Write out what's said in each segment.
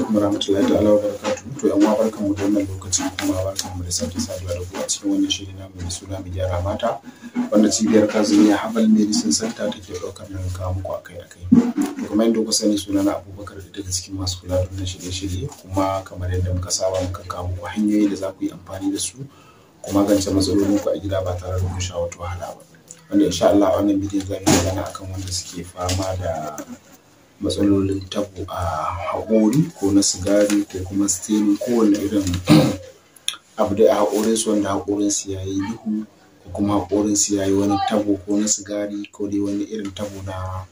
alaikum warahmatullahi ta'ala barakatu to yan uwa barkan mu da wannan lokaci kuma barkan mu da sake saduwa da ku a cikin wannan shiri na mai suna mu gyara mata wanda cibiyar kazumiya habal medicine center take daukar nan kawo muku akai akai to kuma inda ku sani suna na abubakar da daga cikin masu kula da wannan shirye-shirye kuma kamar yadda muka saba muka kawo muku hanyoyi da za ku yi amfani da su ku magance matsalolin ku a gida ba tare da kun sha wata wahala ba wanda insha Allah wannan bidiyon mu yi magana akan wanda suke fama da matsalolin tabo a haƙori ko na sigari ko kuma ko kowane irin abu dai a haƙorinsu wanda haƙorinsu ya yi duhu ko kuma haƙorinsu ya yi wani tabo ko na sigari ko dai wani irin tabo na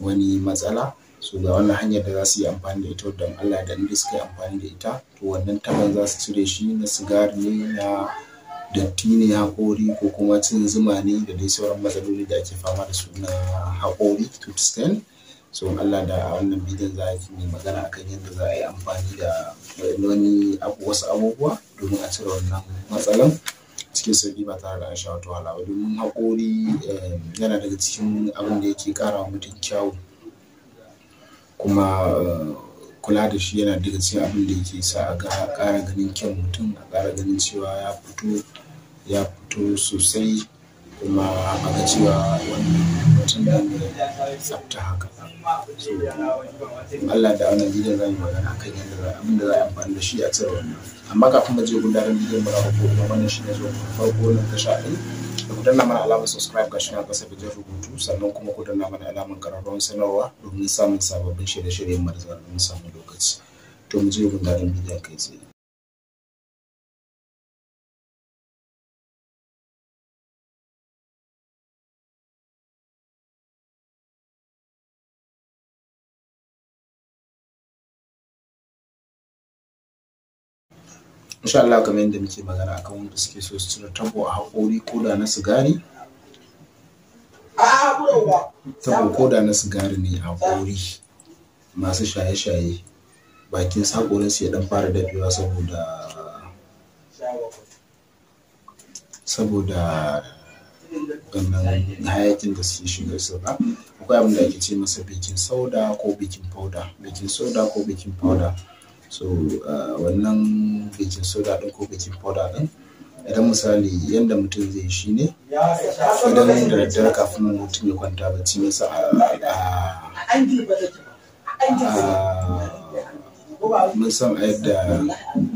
wani matsala so ga wannan hanyar da za su yi amfani da ita wadda Allah da inda suka yi amfani da ita to wannan taban za su cire shi na sigari ne na datti ne haƙori ko kuma cin zuma ne da dai sauran matsaloli da ake fama da su na haƙori to so in Allah da a wannan bidiyon za a yi magana akan yadda za a yi amfani da wani wasu abubuwa domin a cire wannan matsalan cikin sauki ba tare da an sha wata wahala ba domin haƙori eh, yana daga cikin abin da yake ƙara mutum kyawu kuma eh, kula da shi yana daga cikin abin da yake sa a ƙara ganin kyan mutum a ƙara ganin cewa ya fito ya fito sosai kuma a ga cewa wannan lokacin da tsafta haka Allah da wannan gidan zan yi magana kan yadda za abin da za a amfani da shi a cire wannan amma kafin mu je gudanar gidan mu mara hukumar kuma wannan shi ne zo farko na tasha ɗin da ku danna mana alamar subscribe ga shi na ƙasa bijin rubutu sannan kuma ku danna mana alamar ƙararrawar sanarwa domin samun sababbin shirye-shiryen mu da zarar mun samu lokaci to mu je gudanar gidan kai tsaye insha Allah kamar yadda muke magana akan wanda suke so su cire tabo a haƙori ko da na sigari tabo ko da na sigari ne a haƙori masu shaye-shaye bakin haƙorin su ya dan fara daɗewa saboda saboda hayakin da suke shiga su ba akwai abin da ake ce masa bikin soda ko bikin powder soda ko baking powder so uh, wannan bikin soda ɗin ko baking powder ɗin idan misali yadda mutum zai shi ne idan da daddare kafin mutum ya kwanta bacci a mun san a yadda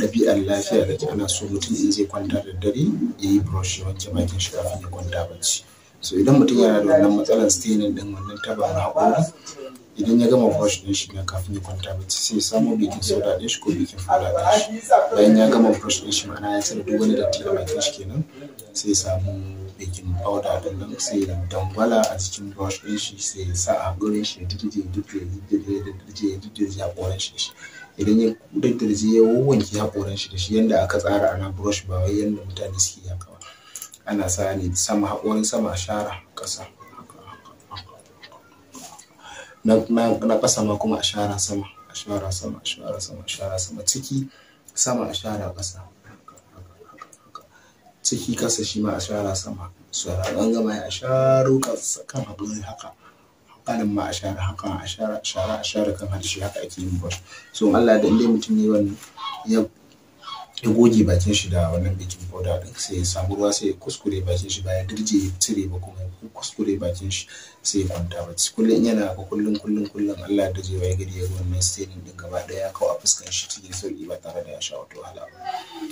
ɗabi'ar lafiya da ana so mutum in zai kwanta da dare ya yi brush ya wanke bakin shi kafin ya kwanta bacci so idan mutum yana da wannan matsalar staining din wannan taba na haƙori idan ya gama brush din shi na kafin ya kwanta bacci sai ya samo baking soda din shi ko bikin powder din shi bayan ya gama brush din shi ma'ana ya cire duk wani datti a bakin shi kenan sai ya samu bikin powder din nan sai ya dangwala a cikin brush din shi sai ya sa a gurin shi ya dirje ya dirje ya dirje ya dirje ya ƙoran shi idan ya dirje ya ya ƙoran shi da shi yanda aka tsara ana brush ba wai yanda mutane suke yakawa ana sani sama haƙorin sama a shara ƙasa na ƙasa ma kuma a shara sama a shara sama a shara sama a shara sama ciki sama a shara ƙasa ciki ƙasa shi ma a shara sama a an gama a sharo ƙasa kan haƙorin haka kanin ma a shara haka a shara a shara kan harshe haka ake yin brush so Allah da inda mutum ne wannan ya ya goge bakin shi da wannan baking powder din sai ya samu ruwa sai ya kuskure bakin shi baya dirje ya cire ba kuma ya kuskure bakin shi sai ya kwanta ci kullum yana ba kullum kullum kullum Allah da jewa ya gari ya ruwan wannan staining din gaba daya kawo a fuskan shi cikin sauki ba tare da ya sha wata wahala ba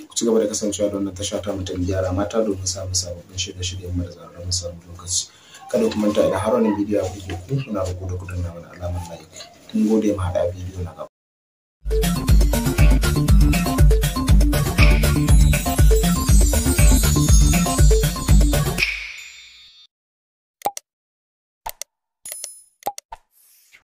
ku ci gaba da kasancewa da wannan tasha ta mutum gyara mata domin samun sababbin shirye-shiryen mara zarar samu lokaci kada ku manta idan har wani bidiyo ya kuke ku na ku da ku danna mana alamar like mun gode ma haɗa bidiyo na gaba